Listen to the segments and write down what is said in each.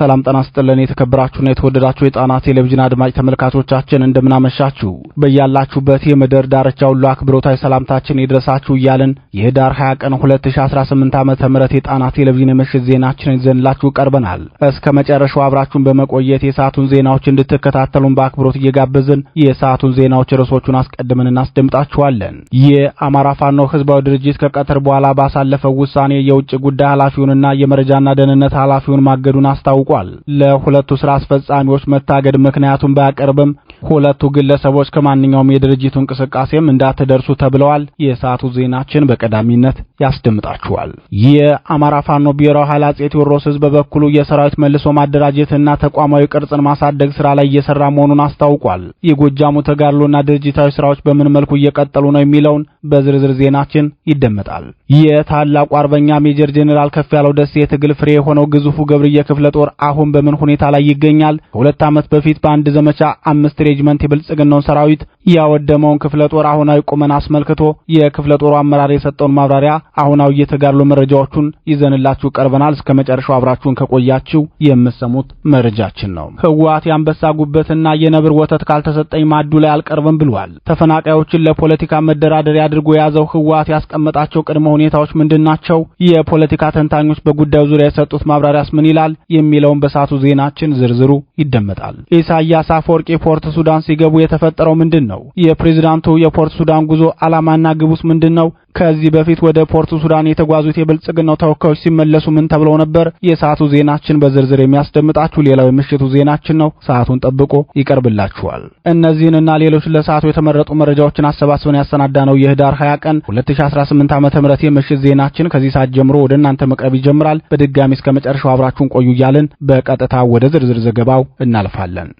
ሰላም ጠና ስጥልን። የተከበራችሁና የተወደዳችሁ የጣና ቴሌቪዥን አድማጭ ተመልካቾቻችን እንደምናመሻችሁ፣ በያላችሁበት የምድር ዳርቻ ሁሉ አክብሮታዊ ሰላምታችን ይድረሳችሁ እያልን የህዳር 20 ቀን 2018 ዓ.ም የጣና ቴሌቪዥን የምሽት ዜናችን ይዘንላችሁ ቀርበናል። እስከ መጨረሻው አብራችሁን በመቆየት የሰዓቱን ዜናዎች እንድትከታተሉን በአክብሮት እየጋበዝን የሰዓቱን ዜናዎች ርዕሶቹን አስቀድመን እናስደምጣችኋለን። የአማራ ፋኖ ህዝባዊ ድርጅት ከቀትር በኋላ ባሳለፈው ውሳኔ የውጭ ጉዳይ ኃላፊውንና የመረጃና ደህንነት ኃላፊውን ማገዱን አስታውቋል። አስታውቋል። ለሁለቱ ሥራ አስፈጻሚዎች መታገድ ምክንያቱን ባያቀርብም ሁለቱ ግለሰቦች ከማንኛውም የድርጅቱ እንቅስቃሴም እንዳትደርሱ ተብለዋል። የሰዓቱ ዜናችን በቀዳሚነት ያስደምጣችኋል። የአማራ ፋኖ ብሔራዊ ኃይል ቴዎድሮስ ህዝብ በበኩሉ የሰራዊት መልሶ ማደራጀትና ተቋማዊ ቅርጽን ማሳደግ ስራ ላይ እየሰራ መሆኑን አስታውቋል። የጎጃሙ ተጋድሎና ድርጅታዊ ስራዎች በምን መልኩ እየቀጠሉ ነው የሚለውን በዝርዝር ዜናችን ይደመጣል። የታላቁ አርበኛ ሜጀር ጄኔራል ያለው ደሴ የትግል ፍሬ የሆነው ግዙፉ ገብርዬ ክፍለ ጦር አሁን በምን ሁኔታ ላይ ይገኛል? ከሁለት ዓመት በፊት በአንድ ዘመቻ አምስት የሬጅመንት የብልጽግናውን ሠራዊት ያወደመውን ክፍለ ጦር አሁናዊ ቁመና አስመልክቶ የክፍለ ጦሩ አመራር የሰጠውን ማብራሪያ አሁናዊ የተጋድሎ መረጃዎቹን ይዘንላችሁ ቀርበናል። እስከ መጨረሻው አብራችሁን ከቆያችሁ የምሰሙት መረጃችን ነው። ህወሓት የአንበሳ ጉበትና የነብር ወተት ካልተሰጠኝ ማዱ ላይ አልቀርብም ብሏል። ተፈናቃዮችን ለፖለቲካ መደራደሪያ አድርጎ የያዘው ህወሓት ያስቀመጣቸው ቅድመ ሁኔታዎች ምንድን ናቸው? የፖለቲካ ተንታኞች በጉዳዩ ዙሪያ የሰጡት ማብራሪያስ ምን ይላል? የሚለውን በሰዓቱ ዜናችን ዝርዝሩ ይደመጣል። ኢሳያስ አፈወርቂ ፖርት ሱዳን ሲገቡ የተፈጠረው ምንድን ነው? ነው? የፕሬዝዳንቱ የፖርት ሱዳን ጉዞ ዓላማና ግቡስ ምንድን ነው? ከዚህ በፊት ወደ ፖርት ሱዳን የተጓዙት የብልጽግናው ተወካዮች ሲመለሱ ምን ተብለው ነበር? የሰዓቱ ዜናችን በዝርዝር የሚያስደምጣችሁ ሌላው የምሽቱ ዜናችን ነው። ሰዓቱን ጠብቆ ይቀርብላችኋል። እነዚህንና ሌሎች ለሰዓቱ የተመረጡ መረጃዎችን አሰባስበን ያሰናዳ ነው የህዳር 20 ቀን 2018 ዓ.ም ተመረተ የምሽት ዜናችን ከዚህ ሰዓት ጀምሮ ወደ እናንተ መቅረብ ይጀምራል። በድጋሚ እስከ መጨረሻው አብራችሁን ቆዩ እያልን በቀጥታ ወደ ዝርዝር ዘገባው እናልፋለን።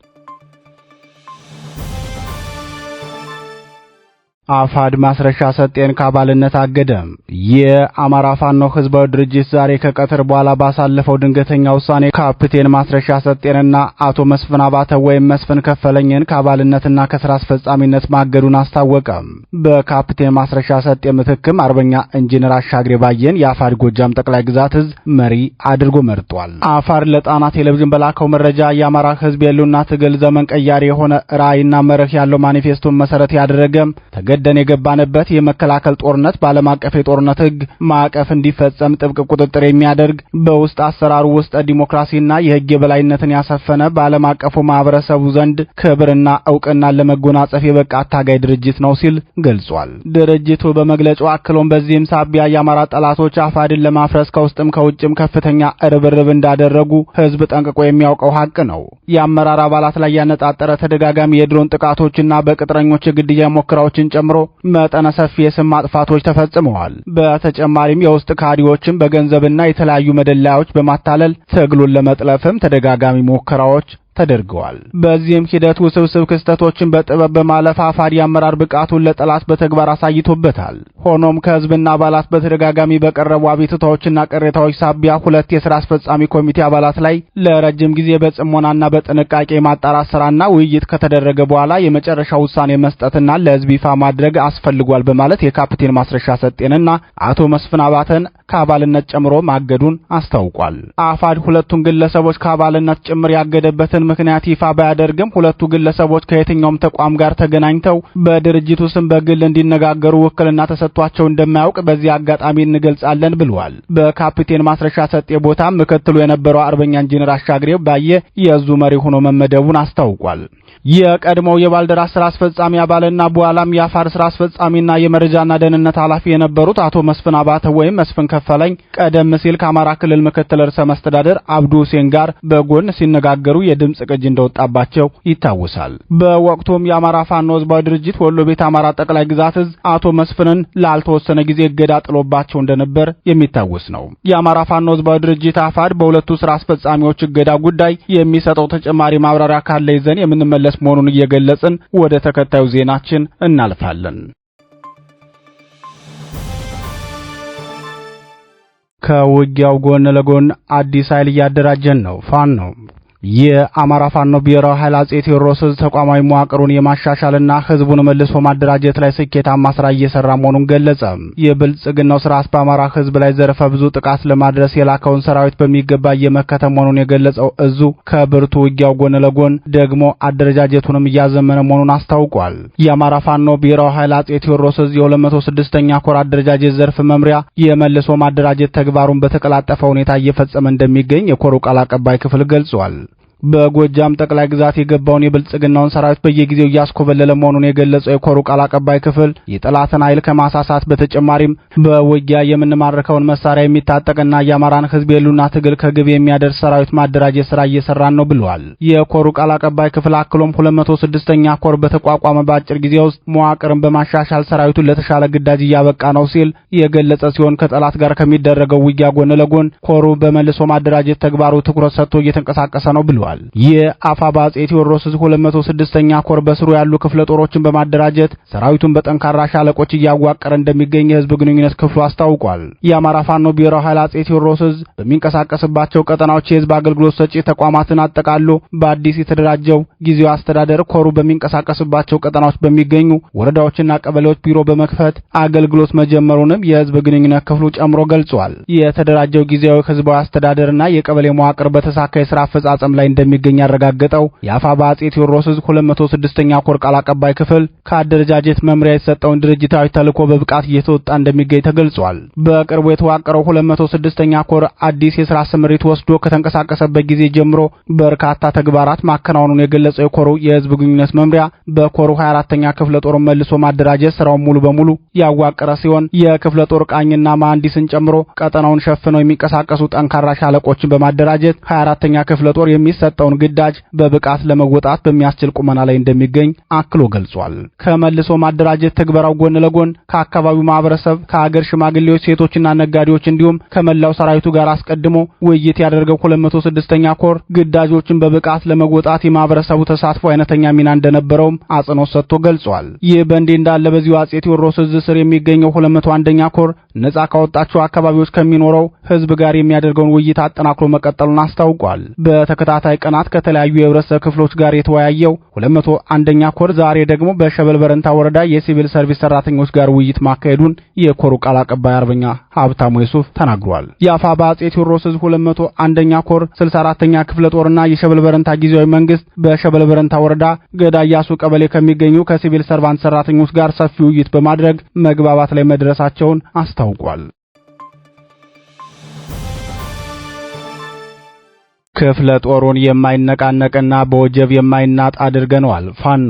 አፋድ ማስረሻ ሰጤን ከአባልነት አገደ። የአማራ ፋኖ ህዝባዊ ድርጅት ዛሬ ከቀትር በኋላ ባሳለፈው ድንገተኛ ውሳኔ ካፕቴን ማስረሻ ሰጤንና አቶ መስፍን አባተ ወይም መስፍን ከፈለኝን ከአባልነትና ከስራ አስፈጻሚነት ማገዱን አስታወቀ። በካፕቴን ማስረሻ ሰጤ ምትክም አርበኛ ኢንጂነር አሻግሬ ባየን የአፋድ ጎጃም ጠቅላይ ግዛት እዝ መሪ አድርጎ መርጧል። አፋድ ለጣና ቴሌቪዥን በላከው መረጃ የአማራ ህዝብ የሉና ትግል ዘመን ቀያሪ የሆነ ራዕይና መርህ ያለው ማኒፌስቶን መሰረት ያደረገ ደን የገባንበት የመከላከል ጦርነት በዓለም አቀፍ የጦርነት ሕግ ማዕቀፍ እንዲፈጸም ጥብቅ ቁጥጥር የሚያደርግ በውስጥ አሰራሩ ውስጥ ዲሞክራሲና የሕግ የበላይነትን ያሰፈነ በዓለም አቀፉ ማህበረሰቡ ዘንድ ክብርና እውቅናን ለመጎናጸፍ የበቃ አታጋይ ድርጅት ነው ሲል ገልጿል። ድርጅቱ በመግለጫው አክሎም በዚህም ሳቢያ የአማራ ጠላቶች አፋድን ለማፍረስ ከውስጥም ከውጭም ከፍተኛ ርብርብ እንዳደረጉ ሕዝብ ጠንቅቆ የሚያውቀው ሀቅ ነው። የአመራር አባላት ላይ ያነጣጠረ ተደጋጋሚ የድሮን ጥቃቶችና በቅጥረኞች የግድያ ሙከራዎችን ጨምሮ ጨምሮ መጠነ ሰፊ የስም ማጥፋቶች ተፈጽመዋል። በተጨማሪም የውስጥ ካድሬዎችን በገንዘብና የተለያዩ መደላዮች በማታለል ትግሉን ለመጥለፍም ተደጋጋሚ ሙከራዎች ተደርገዋል። በዚህም ሂደት ውስብስብ ክስተቶችን በጥበብ በማለፍ አፋድ የአመራር ብቃቱን ለጠላት በተግባር አሳይቶበታል። ሆኖም ከህዝብና አባላት በተደጋጋሚ በቀረቡ አቤቱታዎችና ቅሬታዎች ሳቢያ ሁለት የስራ አስፈጻሚ ኮሚቴ አባላት ላይ ለረጅም ጊዜ በጽሞናና በጥንቃቄ ማጣራት ስራና ውይይት ከተደረገ በኋላ የመጨረሻ ውሳኔ መስጠትና ለህዝብ ይፋ ማድረግ አስፈልጓል በማለት የካፕቴን ማስረሻ ሰጤንና አቶ መስፍን አባተን ከአባልነት ጨምሮ ማገዱን አስታውቋል። አፋድ ሁለቱን ግለሰቦች ከአባልነት ጭምር ያገደበትን ምክንያት ይፋ ባያደርግም ሁለቱ ግለሰቦች ከየትኛውም ተቋም ጋር ተገናኝተው በድርጅቱ ስም በግል እንዲነጋገሩ ውክልና ተሰጥቷቸው እንደማያውቅ በዚህ አጋጣሚ እንገልጻለን ብለዋል። በካፒቴን ማስረሻ ሰጤ ቦታ ምክትሉ የነበረው አርበኛ ኢንጂነር አሻግሬ ባየ የዙ መሪ ሆኖ መመደቡን አስታውቋል። የቀድሞው የባልደራስ ስራ አስፈጻሚ አባልና በኋላም የአፋር ስራ አስፈጻሚና የመረጃና ደህንነት ኃላፊ የነበሩት አቶ መስፍን አባተ ወይም መስፍን ከፈለኝ ቀደም ሲል ከአማራ ክልል ምክትል ርዕሰ መስተዳደር አብዱ ሁሴን ጋር በጎን ሲነጋገሩ የድምፅ ቅጅ እንደወጣባቸው ይታወሳል። በወቅቱም የአማራ ፋኖ ህዝባዊ ድርጅት ወሎ ቤት አማራ ጠቅላይ ግዛት እዝ አቶ መስፍንን ላልተወሰነ ጊዜ እገዳ ጥሎባቸው እንደነበር የሚታወስ ነው። የአማራ ፋኖ ህዝባዊ ድርጅት አፋድ በሁለቱ ስራ አስፈጻሚዎች እገዳ ጉዳይ የሚሰጠው ተጨማሪ ማብራሪያ ካለ ይዘን የምንመለስ መሆኑን እየገለጽን ወደ ተከታዩ ዜናችን እናልፋለን። ከውጊያው ጎን ለጎን አዲስ ኃይል እያደራጀን ነው። ፋኖ የአማራ ፋኖ ብሔራዊ ኃይል አጼ ቴዎድሮስ ተቋማዊ መዋቅሩን የማሻሻልና ህዝቡን መልሶ ማደራጀት ላይ ስኬታማ ስራ እየሰራ መሆኑን ገለጸ። የብልጽግናው ስርዓት በአማራ ህዝብ ላይ ዘርፈ ብዙ ጥቃት ለማድረስ የላከውን ሰራዊት በሚገባ እየመከተ መሆኑን የገለጸው እዙ ከብርቱ ውጊያው ጎን ለጎን ደግሞ አደረጃጀቱንም እያዘመነ መሆኑን አስታውቋል። የአማራ ፋኖ ብሔራዊ ኃይል አጼ ቴዎድሮስ የ206ኛ ኮር አደረጃጀት ዘርፍ መምሪያ የመልሶ ማደራጀት ተግባሩን በተቀላጠፈ ሁኔታ እየፈጸመ እንደሚገኝ የኮሩ ቃል አቀባይ ክፍል ገልጿል። በጎጃም ጠቅላይ ግዛት የገባውን የብልጽግናውን ሰራዊት በየጊዜው እያስኮበለለ መሆኑን የገለጸው የኮሩ ቃል አቀባይ ክፍል የጠላትን ኃይል ከማሳሳት በተጨማሪም በውጊያ የምንማርከውን መሳሪያ የሚታጠቅና የአማራን ሕዝብ የሉና ትግል ከግብ የሚያደርስ ሰራዊት ማደራጀት ስራ እየሰራን ነው ብለዋል። የኮሩ ቃል አቀባይ ክፍል አክሎም 206ኛ ኮር በተቋቋመ በአጭር ጊዜ ውስጥ መዋቅርን በማሻሻል ሰራዊቱን ለተሻለ ግዳጅ እያበቃ ነው ሲል የገለጸ ሲሆን ከጠላት ጋር ከሚደረገው ውጊያ ጎን ለጎን ኮሩ በመልሶ ማደራጀት ተግባሩ ትኩረት ሰጥቶ እየተንቀሳቀሰ ነው ብለዋል። ተናግረዋል። የአፋባ አፄ ቴዎድሮስ ዕዝ 206ኛ ኮር በስሩ ያሉ ክፍለ ጦሮችን በማደራጀት ሰራዊቱን በጠንካራ ሻለቆች እያዋቀረ እንደሚገኝ የህዝብ ግንኙነት ክፍሉ አስታውቋል። የአማራ ፋኖ ብሔራዊ ኃይል አፄ ቴዎድሮስ በሚንቀሳቀስባቸው ቀጠናዎች የህዝብ አገልግሎት ሰጪ ተቋማትን አጠቃሎ በአዲስ የተደራጀው ጊዜያዊ አስተዳደር ኮሩ በሚንቀሳቀስባቸው ቀጠናዎች በሚገኙ ወረዳዎችና ቀበሌዎች ቢሮ በመክፈት አገልግሎት መጀመሩንም የህዝብ ግንኙነት ክፍሉ ጨምሮ ገልጿል። የተደራጀው ጊዜያዊ ህዝባዊ አስተዳደርና የቀበሌ መዋቅር በተሳካ የስራ አፈጻጸም ላይ እንደሚገኝ ያረጋገጠው የአፋባ አጼ ቴዎድሮስ ዕዝ 206ኛ ኮር ቃል አቀባይ ክፍል ከአደረጃጀት መምሪያ የተሰጠውን ድርጅታዊ ተልዕኮ በብቃት እየተወጣ እንደሚገኝ ተገልጿል። በቅርቡ የተዋቀረው 206ኛ ኮር አዲስ የሥራ ስምሪት ወስዶ ከተንቀሳቀሰበት ጊዜ ጀምሮ በርካታ ተግባራት ማከናወኑን የገለጸው የኮሩ የህዝብ ግንኙነት መምሪያ በኮሩ 24ኛ ክፍለ ጦር መልሶ ማደራጀት ስራውን ሙሉ በሙሉ ያዋቀረ ሲሆን የክፍለ ጦር ቃኝና መሐንዲስን ጨምሮ ቀጠናውን ሸፍነው የሚንቀሳቀሱ ጠንካራ ሻለቆችን በማደራጀት 24ኛ ክፍለ ጦር የሚሰ የተሰጠውን ግዳጅ በብቃት ለመወጣት በሚያስችል ቁመና ላይ እንደሚገኝ አክሎ ገልጿል። ከመልሶ ማደራጀት ትግበራው ጎን ለጎን ከአካባቢው ማህበረሰብ፣ ከሀገር ሽማግሌዎች፣ ሴቶችና ነጋዴዎች እንዲሁም ከመላው ሰራዊቱ ጋር አስቀድሞ ውይይት ያደረገው 206ኛ ኮር ግዳጆችን በብቃት ለመወጣት የማህበረሰቡ ተሳትፎ አይነተኛ ሚና እንደነበረውም አጽንኦት ሰጥቶ ገልጿል። ይህ በእንዲህ እንዳለ በዚሁ አጼ ቴዎድሮስ እዝ ስር የሚገኘው 201ኛ ኮር ነጻ ካወጣቸው አካባቢዎች ከሚኖረው ህዝብ ጋር የሚያደርገውን ውይይት አጠናክሎ መቀጠሉን አስታውቋል። በተከታታይ ቀናት ከተለያዩ የህብረተሰብ ክፍሎች ጋር የተወያየው 201ኛ ኮር ዛሬ ደግሞ በሸበል በረንታ ወረዳ የሲቪል ሰርቪስ ሰራተኞች ጋር ውይይት ማካሄዱን የኮሩ ቃል አቀባይ አርበኛ ሀብታሙ ዩሱፍ ተናግሯል። የአፋባ አጼ ቴዎድሮስ ዕዝ 201ኛ ኮር 64ኛ ክፍለ ጦርና የሸበል በረንታ ጊዜያዊ መንግስት በሸበል በረንታ ወረዳ ገዳ ቀበሌ ከሚገኙ ከሲቪል ሰርቫንት ሰራተኞች ጋር ሰፊ ውይይት በማድረግ መግባባት ላይ መድረሳቸውን አስታውቋል። ክፍለ ጦሩን የማይነቃነቅና በወጀብ የማይናጥ አድርገነዋል። ፋኖ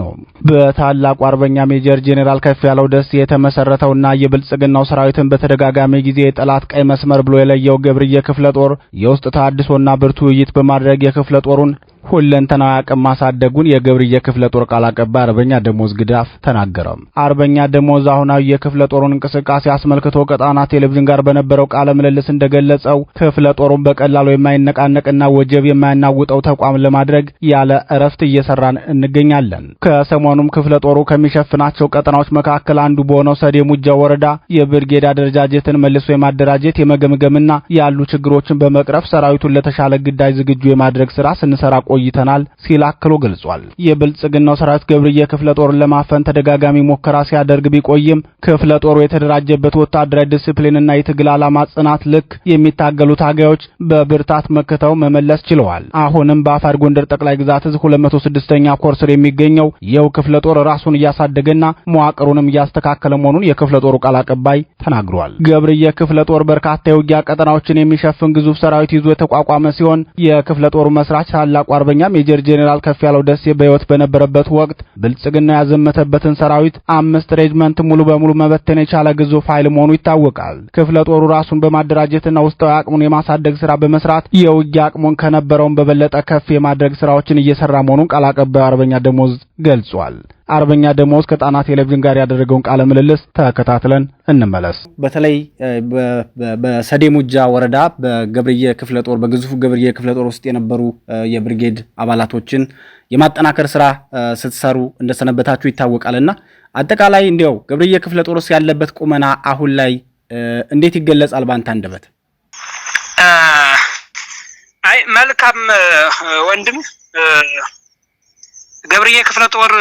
በታላቁ አርበኛ ሜጀር ጄኔራል ከፍ ያለው ደስ የተመሰረተውና የብልጽግናው ሰራዊትን በተደጋጋሚ ጊዜ የጠላት ቀይ መስመር ብሎ የለየው ገብርዬ ክፍለ ጦር የውስጥ ተሃድሶና ብርቱ ውይይት በማድረግ የክፍለ ጦሩን ሁለንተናዊ አቅም ማሳደጉን የገብርዬ ክፍለ ጦር ቃል አቀባይ አርበኛ ደሞዝ ግዳፍ ተናገረ። አርበኛ ደሞዝ አሁናዊ የክፍለ ጦሩን እንቅስቃሴ አስመልክቶ ቀጣና ቴሌቪዥን ጋር በነበረው ቃለ ምልልስ እንደገለጸው ክፍለ ጦሩን በቀላሉ የማይነቃነቅና ወጀብ የማያናውጠው ተቋም ለማድረግ ያለ እረፍት እየሰራን እንገኛለን። ከሰሞኑም ክፍለ ጦሩ ከሚሸፍናቸው ቀጠናዎች መካከል አንዱ በሆነው ሰዴ ሙጃ ወረዳ የብርጌድ አደረጃጀትን መልሶ የማደራጀት የመገምገምና ያሉ ችግሮችን በመቅረፍ ሰራዊቱን ለተሻለ ግዳጅ ዝግጁ የማድረግ ስራ ስንሰራ ቆይተናል ሲል አክሎ ገልጿል። የብልጽግናው ሰራዊት ገብርዬ ክፍለ ጦርን ለማፈን ተደጋጋሚ ሙከራ ሲያደርግ ቢቆይም ክፍለ ጦሩ የተደራጀበት ወታደራዊ ዲስፕሊንና የትግል ዓላማ ጽናት ልክ የሚታገሉ ታጋዮች በብርታት መክተው መመለስ ችለዋል። አሁንም በአፋር ጎንደር ጠቅላይ ግዛት እዝ 206ኛ ኮር ስር የሚገኘው የው ክፍለ ጦር ራሱን እያሳደገና መዋቅሩንም እያስተካከለ መሆኑን የክፍለ ጦሩ ቃል አቀባይ ተናግሯል። ገብርዬ ክፍለ ጦር በርካታ የውጊያ ቀጠናዎችን የሚሸፍን ግዙፍ ሰራዊት ይዞ የተቋቋመ ሲሆን የክፍለ ጦሩ መስራች ታላቁ አርበኛ ሜጀር ጄኔራል ከፍ ያለው ደሴ በህይወት በነበረበት ወቅት ብልጽግና ያዘመተበትን ሰራዊት አምስት ሬጅመንት ሙሉ በሙሉ መበተን የቻለ ግዙፍ ኃይል መሆኑ ይታወቃል። ክፍለ ጦሩ ራሱን በማደራጀትና ውስጣዊ አቅሙን የማሳደግ ስራ በመስራት የውጊያ አቅሙን ከነበረውን በበለጠ ከፍ የማድረግ ስራዎችን እየሰራ መሆኑን ቃል አቀባዩ አርበኛ ደሞዝ ገልጿል። አርበኛ ደሞዝ ከጣና ቴሌቪዥን ጋር ያደረገውን ቃለ ምልልስ ተከታትለን እንመለስ። በተለይ በሰዴሙጃ ወረዳ በገብርዬ ክፍለ ጦር በግዙፉ ገብርዬ ክፍለ ጦር ውስጥ የነበሩ የብርጌድ አባላቶችን የማጠናከር ስራ ስትሰሩ እንደሰነበታችሁ ይታወቃልና አጠቃላይ እንዲያው ገብርዬ ክፍለ ጦር ውስጥ ያለበት ቁመና አሁን ላይ እንዴት ይገለጻል በአንተ አንደበት? አይ መልካም ወንድም ገብርዬ ክፍለ ጦር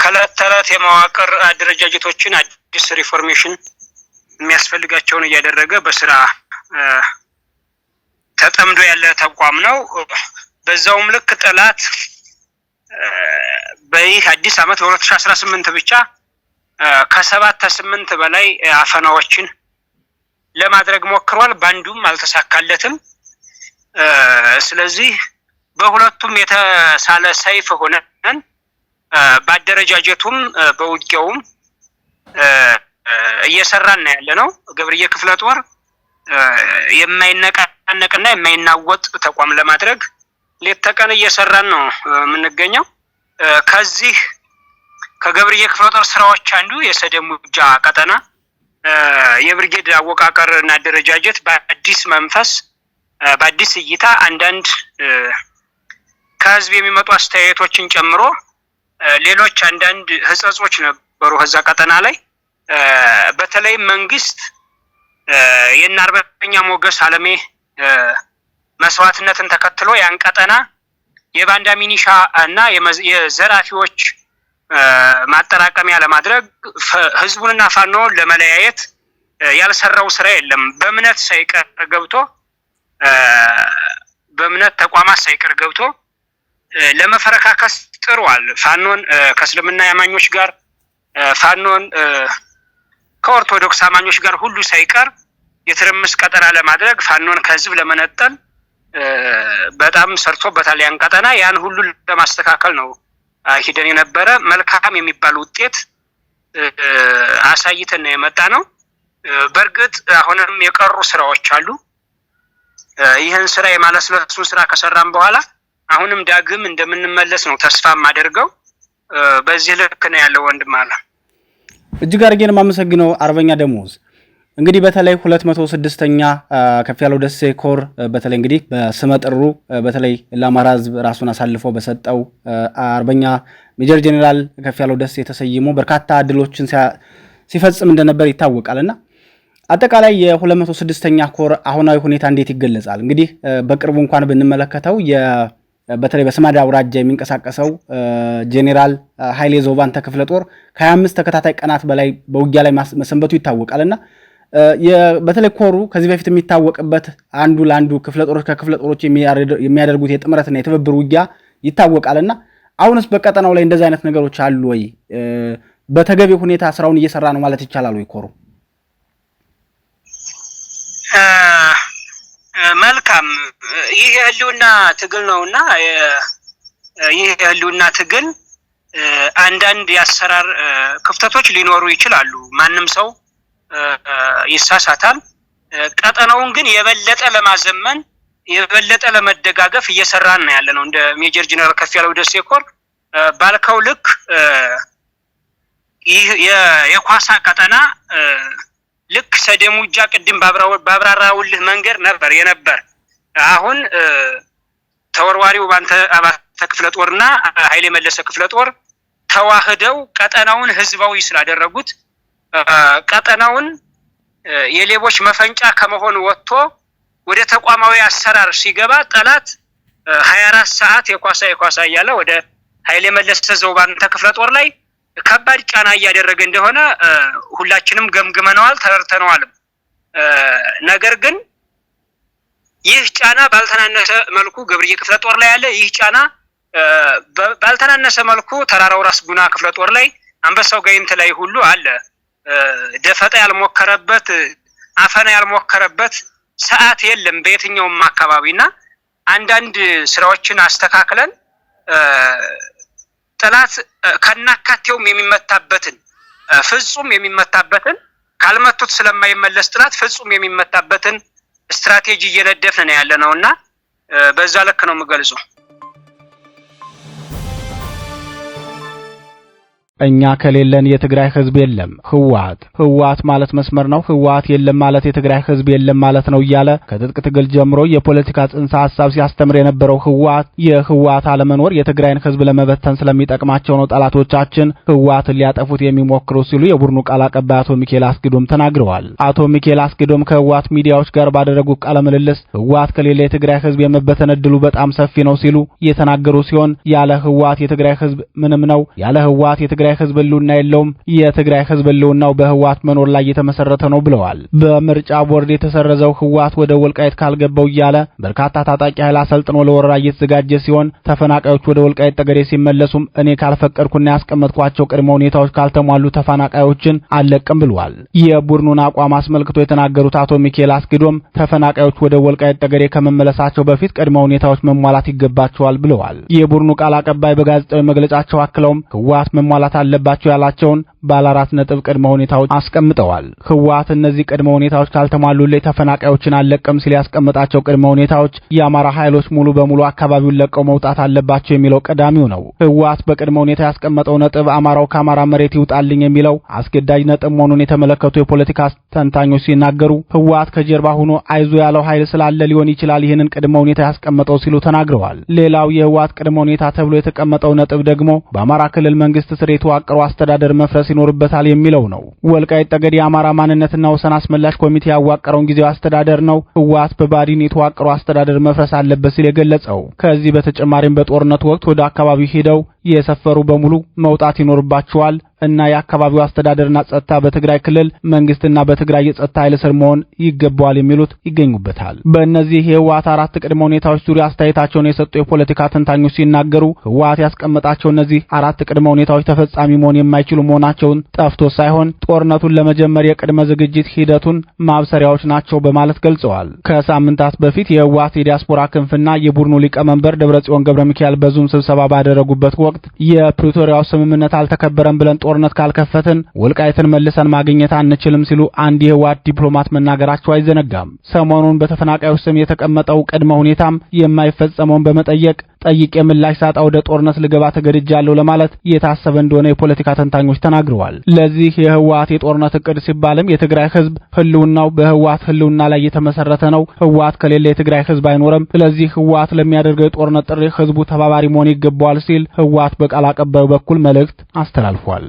ከእለት ተእለት የመዋቅር አደረጃጀቶችን አዲስ ሪፎርሜሽን የሚያስፈልጋቸውን እያደረገ በስራ ተጠምዶ ያለ ተቋም ነው። በዛውም ልክ ጠላት በይህ አዲስ ዓመት በሁለት ሺ አስራ ስምንት ብቻ ከሰባት ከስምንት በላይ አፈናዎችን ለማድረግ ሞክሯል። በአንዱም አልተሳካለትም። ስለዚህ በሁለቱም የተሳለ ሰይፍ ሆነን በአደረጃጀቱም በውጊያውም እየሰራን ነው ያለ ነው። ገብርዬ ክፍለ ጦር የማይነቃነቅና የማይናወጥ ተቋም ለማድረግ ሌት ተቀን እየሰራን ነው የምንገኘው። ከዚህ ከገብርዬ ክፍለ ጦር ስራዎች አንዱ የሰደሙጃ ቀጠና የብርጌድ አወቃቀር እና አደረጃጀት በአዲስ መንፈስ በአዲስ እይታ አንዳንድ ከህዝብ የሚመጡ አስተያየቶችን ጨምሮ ሌሎች አንዳንድ ህጸጾች ነበሩ ከዛ ቀጠና ላይ በተለይም መንግስት የእነ አርበኛ ሞገስ አለሜ መስዋዕትነትን ተከትሎ ያን ቀጠና የባንዳ ሚኒሻ እና የዘራፊዎች ማጠራቀሚያ ለማድረግ ህዝቡንና ፋኖን ለመለያየት ያልሰራው ስራ የለም። በእምነት ሳይቀር ገብቶ በእምነት ተቋማት ሳይቀር ገብቶ ለመፈረካከስ ጥሯል። ፋኖን ከእስልምና አማኞች ጋር ፋኖን ከኦርቶዶክስ አማኞች ጋር ሁሉ ሳይቀር የትርምስ ቀጠና ለማድረግ ፋኖን ከህዝብ ለመነጠል በጣም ሰርቶበታል። ያን ቀጠና ያን ሁሉ ለማስተካከል ነው ሂደን የነበረ መልካም የሚባል ውጤት አሳይተን ነው የመጣ ነው። በእርግጥ አሁንም የቀሩ ስራዎች አሉ። ይህን ስራ የማለስለሱን ስራ ከሰራም በኋላ አሁንም ዳግም እንደምንመለስ ነው ተስፋ የማደርገው። በዚህ ልክ ነው ያለው ወንድም አለ። እጅግ አድርጌ ነው የማመሰግነው አርበኛ ደሞዝ። እንግዲህ በተለይ ሁለት መቶ ስድስተኛ ከፍ ያለው ደሴ ኮር በተለይ እንግዲህ በስመጥሩ በተለይ ለአማራ ሕዝብ ራሱን አሳልፎ በሰጠው አርበኛ ሜጀር ጄኔራል ከፍ ያለው ደሴ ተሰይሞ በርካታ ድሎችን ሲፈጽም እንደነበር ይታወቃል እና አጠቃላይ የ መቶ ስድስተኛ ኮር አሁናዊ ሁኔታ እንዴት ይገለጻል? እንግዲህ በቅርቡ እንኳን ብንመለከተው በተለይ በስማዳ አውራጃ የሚንቀሳቀሰው ጄኔራል ኃይሌ ዞባን ተክፍለ ጦር ከ25 ተከታታይ ቀናት በላይ በውጊያ ላይ መሰንበቱ ይታወቃል እና በተለይ ኮሩ ከዚህ በፊት የሚታወቅበት አንዱ ለአንዱ ክፍለ ጦሮች ከክፍለ ጦሮች የሚያደርጉት የጥምረትና የትብብር ውጊያ ይታወቃል እና አሁንስ በቀጠናው ላይ እንደዚህ አይነት ነገሮች አሉ ወይ? በተገቢ ሁኔታ ስራውን እየሰራ ነው ማለት ይቻላል ወይ ኮሩ? መልካም ይህ የህልውና ትግል ነው እና ይህ የህልውና ትግል አንዳንድ የአሰራር ክፍተቶች ሊኖሩ ይችላሉ። ማንም ሰው ይሳሳታል። ቀጠናውን ግን የበለጠ ለማዘመን የበለጠ ለመደጋገፍ እየሰራን ነው ያለ ነው። እንደ ሜጀር ጀነራል ያለው ደሴ ኮር ባልከው ልክ ይህ የኳሳ ቀጠና ልክ ሰደሙጃ ቅድም ባብራራውልህ መንገድ ነበር የነበር አሁን ተወርዋሪው ባንተ አባተ ክፍለ ጦርና ኃይሌ መለሰ ክፍለ ጦር ተዋህደው ቀጠናውን ህዝባዊ ስላደረጉት ቀጠናውን የሌቦች መፈንጫ ከመሆን ወጥቶ ወደ ተቋማዊ አሰራር ሲገባ ጠላት ሀያ አራት ሰዓት የኳሳ የኳሳ እያለ ወደ ኃይሌ መለሰ ዘውባንተ ክፍለ ጦር ላይ ከባድ ጫና እያደረገ እንደሆነ ሁላችንም ገምግመነዋል፣ ተረድተነዋልም። ነገር ግን ይህ ጫና ባልተናነሰ መልኩ ገብርዬ ክፍለ ጦር ላይ አለ ይህ ጫና ባልተናነሰ መልኩ ተራራው ራስ ጉና ክፍለ ጦር ላይ አንበሳው ጋይንት ላይ ሁሉ አለ። ደፈጣ ያልሞከረበት አፈና ያልሞከረበት ሰዓት የለም በየትኛውም አካባቢና አንዳንድ ስራዎችን አስተካክለን ጠላት ከናካቴውም የሚመታበትን ፍጹም የሚመታበትን ካልመቱት ስለማይመለስ ጠላት ፍጹም የሚመታበትን ስትራቴጂ እየነደፍን ነው ያለ ነው እና በዛ ልክ ነው የምገልጸው። እኛ ከሌለን የትግራይ ህዝብ የለም፣ ህወሓት ህወሓት ማለት መስመር ነው፣ ህወሓት የለም ማለት የትግራይ ህዝብ የለም ማለት ነው እያለ ከትጥቅ ትግል ጀምሮ የፖለቲካ ጽንሰ ሐሳብ ሲያስተምር የነበረው ህወሓት የህወሓት አለመኖር የትግራይን ህዝብ ለመበተን ስለሚጠቅማቸው ነው ጠላቶቻችን ህወሓትን ሊያጠፉት የሚሞክሩ ሲሉ የቡድኑ ቃል አቀባይ አቶ ሚካኤል አስግዶም ተናግረዋል። አቶ ሚካኤል አስግዶም ከህወሓት ሚዲያዎች ጋር ባደረጉት ቃለ ምልልስ ህወሓት ከሌለ የትግራይ ህዝብ የመበተን እድሉ በጣም ሰፊ ነው ሲሉ የተናገሩ ሲሆን ያለ ህወሓት የትግራይ ህዝብ ምንም ነው፣ ያለ ህወሓት የትግራይ የትግራይ ህዝብ ህልውና የለውም፣ የትግራይ ህዝብ ህልውናው በህወሓት መኖር ላይ የተመሰረተ ነው ብለዋል። በምርጫ ቦርድ የተሰረዘው ህወሓት ወደ ወልቃይት ካልገባው እያለ በርካታ ታጣቂ ኃይል አሰልጥኖ ለወረራ እየተዘጋጀ ሲሆን ተፈናቃዮች ወደ ወልቃይት ጠገዴ ሲመለሱም እኔ ካልፈቀድኩና ያስቀመጥኳቸው ቅድመ ሁኔታዎች ካልተሟሉ ተፈናቃዮችን አለቅም ብለዋል። የቡድኑን አቋም አስመልክቶ የተናገሩት አቶ ሚካኤል አስግዶም ተፈናቃዮች ወደ ወልቃይት ጠገዴ ከመመለሳቸው በፊት ቅድመ ሁኔታዎች መሟላት ይገባቸዋል ብለዋል። የቡድኑ ቃል አቀባይ በጋዜጣዊ መግለጫቸው አክለውም ህወሓት መሟላት አለባቸው ያላቸውን ባለ አራት ነጥብ ቅድመ ሁኔታዎች አስቀምጠዋል። ህወሓት እነዚህ ቅድመ ሁኔታዎች ካልተሟሉልኝ ተፈናቃዮችን አለቀም ሲል ያስቀምጣቸው ቅድመ ሁኔታዎች የአማራ ኃይሎች ሙሉ በሙሉ አካባቢውን ለቀው መውጣት አለባቸው የሚለው ቀዳሚው ነው። ህወሓት በቅድመ ሁኔታ ያስቀመጠው ነጥብ አማራው ከአማራ መሬት ይውጣልኝ የሚለው አስገዳጅ ነጥብ መሆኑን የተመለከቱ የፖለቲካ ተንታኞች ሲናገሩ ህወሓት ከጀርባ ሆኖ አይዞ ያለው ኃይል ስላለ ሊሆን ይችላል ይህንን ቅድመ ሁኔታ ያስቀመጠው ሲሉ ተናግረዋል። ሌላው የህወሓት ቅድመ ሁኔታ ተብሎ የተቀመጠው ነጥብ ደግሞ በአማራ ክልል መንግስት ስር የተዋቀረው አስተዳደር መፍረስ ይኖርበታል የሚለው ነው። ወልቃይት ጠገዴ የአማራ ማንነትና ወሰን አስመላሽ ኮሚቴ ያዋቀረውን ጊዜያዊ አስተዳደር ነው ህወሓት በባዲን የተዋቀረው አስተዳደር መፍረስ አለበት ሲል የገለጸው። ከዚህ በተጨማሪም በጦርነቱ ወቅት ወደ አካባቢው ሄደው የሰፈሩ በሙሉ መውጣት ይኖርባቸዋል እና የአካባቢው አስተዳደርና ጸጥታ በትግራይ ክልል መንግስትና በትግራይ የጸጥታ ኃይል ስር መሆን ይገባዋል የሚሉት ይገኙበታል። በእነዚህ የህወሓት አራት ቅድመ ሁኔታዎች ዙሪያ አስተያየታቸውን የሰጡ የፖለቲካ ተንታኞች ሲናገሩ ህወሓት ያስቀመጣቸው እነዚህ አራት ቅድመ ሁኔታዎች ተፈጻሚ መሆን የማይችሉ መሆናቸው መሆናቸውን ጠፍቶ ሳይሆን ጦርነቱን ለመጀመር የቅድመ ዝግጅት ሂደቱን ማብሰሪያዎች ናቸው በማለት ገልጸዋል። ከሳምንታት በፊት የህወሓት የዲያስፖራ ክንፍና የቡድኑ ሊቀመንበር ደብረጽዮን ገብረ ሚካኤል በዙም ስብሰባ ባደረጉበት ወቅት የፕሪቶሪያው ስምምነት አልተከበረም ብለን ጦርነት ካልከፈትን ወልቃይትን መልሰን ማግኘት አንችልም ሲሉ አንድ የህወሓት ዲፕሎማት መናገራቸው አይዘነጋም። ሰሞኑን በተፈናቃዮች ስም የተቀመጠው ቅድመ ሁኔታም የማይፈጸመውን በመጠየቅ ጠይቄ ምላሽ ሳጣ ወደ ጦርነት ልገባ ተገድጃለሁ ለማለት የታሰበ እንደሆነ የፖለቲካ ተንታኞች ተናግረዋል። ተናግረዋል። ለዚህ የህወሓት የጦርነት እቅድ ሲባልም የትግራይ ህዝብ ህልውናው በህወሓት ህልውና ላይ የተመሰረተ ነው። ህወሓት ከሌለ የትግራይ ህዝብ አይኖርም። ስለዚህ ህወሓት ለሚያደርገው የጦርነት ጥሪ ህዝቡ ተባባሪ መሆን ይገባዋል ሲል ህወሓት በቃል አቀባዩ በኩል መልእክት አስተላልፏል።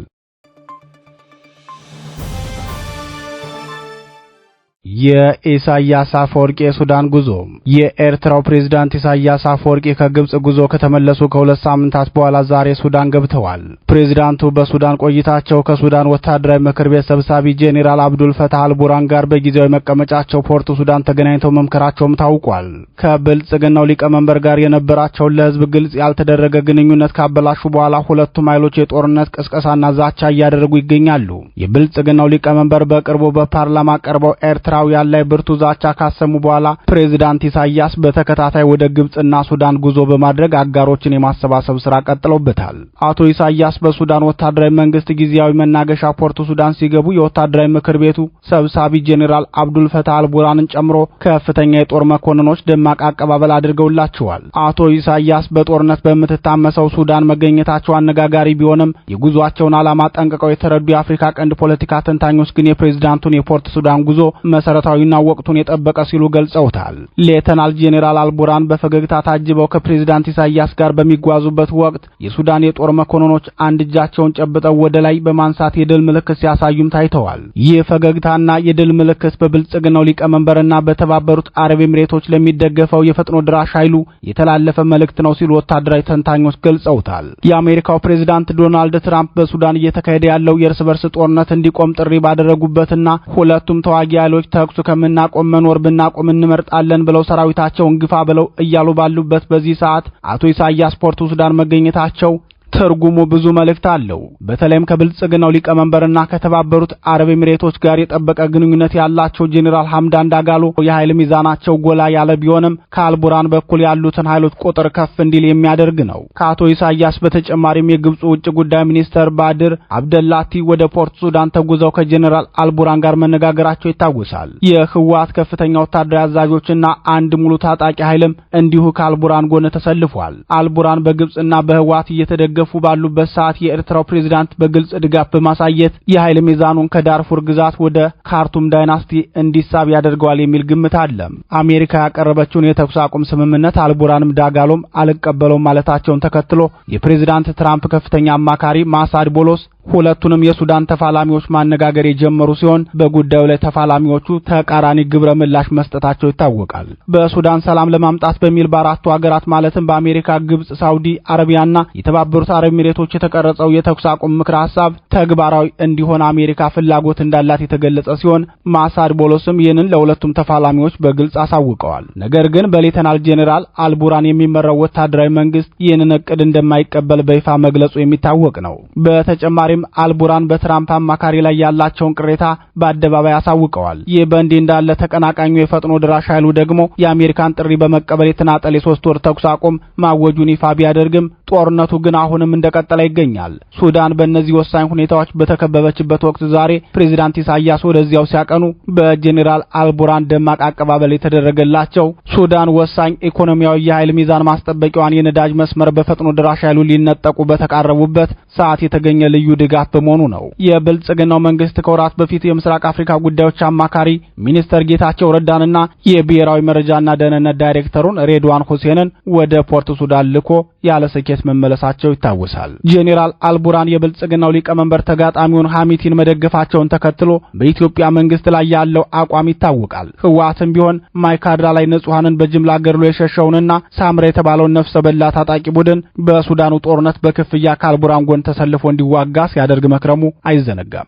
የኢሳያስ አፈወርቂ የሱዳን ጉዞ። የኤርትራው ፕሬዝዳንት ኢሳያስ አፈወርቂ ከግብጽ ጉዞ ከተመለሱ ከሁለት ሳምንታት በኋላ ዛሬ ሱዳን ገብተዋል። ፕሬዝዳንቱ በሱዳን ቆይታቸው ከሱዳን ወታደራዊ ምክር ቤት ሰብሳቢ ጄኔራል አብዱል ፈታህ አልቡራን ጋር በጊዜያዊ መቀመጫቸው ፖርቱ ሱዳን ተገናኝተው መምከራቸውም ታውቋል። ከብልጽግናው ሊቀመንበር ጋር የነበራቸውን ለህዝብ ግልጽ ያልተደረገ ግንኙነት ካበላሹ በኋላ ሁለቱም ኃይሎች የጦርነት ቅስቀሳና ዛቻ እያደረጉ ይገኛሉ። የብልጽግናው ሊቀመንበር በቅርቡ በፓርላማ ቀርበው ኤርትራ ኤርትራውያን ላይ ብርቱ ዛቻ ካሰሙ በኋላ ፕሬዝዳንት ኢሳያስ በተከታታይ ወደ ግብጽና ሱዳን ጉዞ በማድረግ አጋሮችን የማሰባሰብ ስራ ቀጥለውበታል። አቶ ኢሳያስ በሱዳን ወታደራዊ መንግስት ጊዜያዊ መናገሻ ፖርት ሱዳን ሲገቡ የወታደራዊ ምክር ቤቱ ሰብሳቢ ጄኔራል አብዱል ፈታህ አልቡራንን ጨምሮ ከፍተኛ የጦር መኮንኖች ደማቅ አቀባበል አድርገውላቸዋል። አቶ ኢሳያስ በጦርነት በምትታመሰው ሱዳን መገኘታቸው አነጋጋሪ ቢሆንም የጉዟቸውን ዓላማ ጠንቅቀው የተረዱ የአፍሪካ ቀንድ ፖለቲካ ተንታኞች ግን የፕሬዝዳንቱን የፖርት ሱዳን ጉዞ መሰረታዊና ወቅቱን የጠበቀ ሲሉ ገልጸውታል። ሌተናል ጄኔራል አልቡራን በፈገግታ ታጅበው ከፕሬዝዳንት ኢሳያስ ጋር በሚጓዙበት ወቅት የሱዳን የጦር መኮንኖች አንድ እጃቸውን ጨብጠው ወደ ላይ በማንሳት የድል ምልክት ሲያሳዩም ታይተዋል። ይህ ፈገግታና የድል ምልክት በብልጽግናው ሊቀመንበርና በተባበሩት አረብ ኤምሬቶች ለሚደገፈው የፈጥኖ ድራሽ ኃይሉ የተላለፈ መልእክት ነው ሲሉ ወታደራዊ ተንታኞች ገልጸውታል። የአሜሪካው ፕሬዝዳንት ዶናልድ ትራምፕ በሱዳን እየተካሄደ ያለው የእርስ በርስ ጦርነት እንዲቆም ጥሪ ባደረጉበትና ሁለቱም ተዋጊ ኃይሎች ተኩስ ከምናቆም መኖር ብናቆም እንመርጣለን ብለው ሰራዊታቸውን ግፋ ብለው እያሉ ባሉበት በዚህ ሰዓት አቶ ኢሳያስ ፖርቱ ሱዳን መገኘታቸው ትርጉሙ ብዙ መልእክት አለው። በተለይም ከብልጽግናው ሊቀመንበርና ከተባበሩት አረብ ኤሚሬቶች ጋር የጠበቀ ግንኙነት ያላቸው ጄኔራል ሐምዳን ዳጋሎ የኃይል ሚዛናቸው ጎላ ያለ ቢሆንም ከአልቡራን በኩል ያሉትን ኃይሎች ቁጥር ከፍ እንዲል የሚያደርግ ነው። ከአቶ ኢሳያስ በተጨማሪም የግብፁ ውጭ ጉዳይ ሚኒስተር ባድር አብደላቲ ወደ ፖርት ሱዳን ተጉዘው ከጄኔራል አልቡራን ጋር መነጋገራቸው ይታወሳል። የህወሓት ከፍተኛ ወታደራዊ አዛዦችና አንድ ሙሉ ታጣቂ ኃይልም እንዲሁ ከአልቡራን ጎን ተሰልፏል። አልቡራን በግብፅና በህወሓት እየተደገ እየገፉ ባሉበት ሰዓት የኤርትራው ፕሬዚዳንት በግልጽ ድጋፍ በማሳየት የኃይል ሚዛኑን ከዳርፉር ግዛት ወደ ካርቱም ዳይናስቲ እንዲሳብ ያደርገዋል የሚል ግምት አለ። አሜሪካ ያቀረበችውን የተኩስ አቁም ስምምነት አልቡራንም ዳጋሎም አልቀበለውም ማለታቸውን ተከትሎ የፕሬዚዳንት ትራምፕ ከፍተኛ አማካሪ ማሳድ ቦሎስ ሁለቱንም የሱዳን ተፋላሚዎች ማነጋገር የጀመሩ ሲሆን በጉዳዩ ላይ ተፋላሚዎቹ ተቃራኒ ግብረ ምላሽ መስጠታቸው ይታወቃል። በሱዳን ሰላም ለማምጣት በሚል በአራቱ ሀገራት ማለትም በአሜሪካ፣ ግብጽ፣ ሳውዲ አረቢያና የተባበሩት አረብ ኤሚሬቶች የተቀረጸው የተኩስ አቁም ምክረ ሀሳብ ተግባራዊ እንዲሆን አሜሪካ ፍላጎት እንዳላት የተገለጸ ሲሆን ማሳድ ቦሎስም ይህንን ለሁለቱም ተፋላሚዎች በግልጽ አሳውቀዋል። ነገር ግን በሌተናል ጄኔራል አልቡራን የሚመራው ወታደራዊ መንግስት ይህንን እቅድ እንደማይቀበል በይፋ መግለጹ የሚታወቅ ነው። በተጨማሪ በተጨማሪም አልቡራን በትራምፕ አማካሪ ላይ ያላቸውን ቅሬታ በአደባባይ አሳውቀዋል። ይህ በእንዲህ እንዳለ ተቀናቃኙ የፈጥኖ ድራሽ ኃይሉ ደግሞ የአሜሪካን ጥሪ በመቀበል የተናጠል የሶስት ወር ተኩስ አቁም ማወጁን ይፋ ቢያደርግም ጦርነቱ ግን አሁንም እንደቀጠለ ይገኛል። ሱዳን በእነዚህ ወሳኝ ሁኔታዎች በተከበበችበት ወቅት ዛሬ ፕሬዚዳንት ኢሳያስ ወደዚያው ሲያቀኑ በጄኔራል አልቡራን ደማቅ አቀባበል የተደረገላቸው ሱዳን ወሳኝ ኢኮኖሚያዊ የኃይል ሚዛን ማስጠበቂያዋን የነዳጅ መስመር በፈጥኖ ድራሽ ኃይሉ ሊነጠቁ በተቃረቡበት ሰዓት የተገኘ ልዩ ድጋፍ በመሆኑ ነው። የብልጽግናው መንግስት ከወራት በፊት የምስራቅ አፍሪካ ጉዳዮች አማካሪ ሚኒስተር ጌታቸው ረዳንና የብሔራዊ መረጃና ደህንነት ዳይሬክተሩን ሬድዋን ሁሴንን ወደ ፖርት ሱዳን ልኮ ያለ ስኬት መመለሳቸው ይታወሳል። ጄኔራል አልቡራን የብልጽግናው ሊቀመንበር ተጋጣሚውን ሐሚቲን መደገፋቸውን ተከትሎ በኢትዮጵያ መንግስት ላይ ያለው አቋም ይታወቃል። ህወሓትም ቢሆን ማይካድራ ላይ ንጹሐንን በጅምላ ገድሎ የሸሸውንና ሳምራ የተባለውን ነፍሰ በላ ታጣቂ ቡድን በሱዳኑ ጦርነት በክፍያ ከአልቡራን ጎን ተሰልፎ እንዲዋጋ ሲያደርግ መክረሙ አይዘነጋም።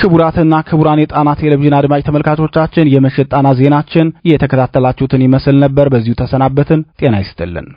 ክቡራትና ክቡራን የጣና ቴሌቪዥን አድማጭ ተመልካቾቻችን የምሽት ጣና ዜናችን የተከታተላችሁትን ይመስል ነበር። በዚሁ ተሰናበትን። ጤና ይስጥልን።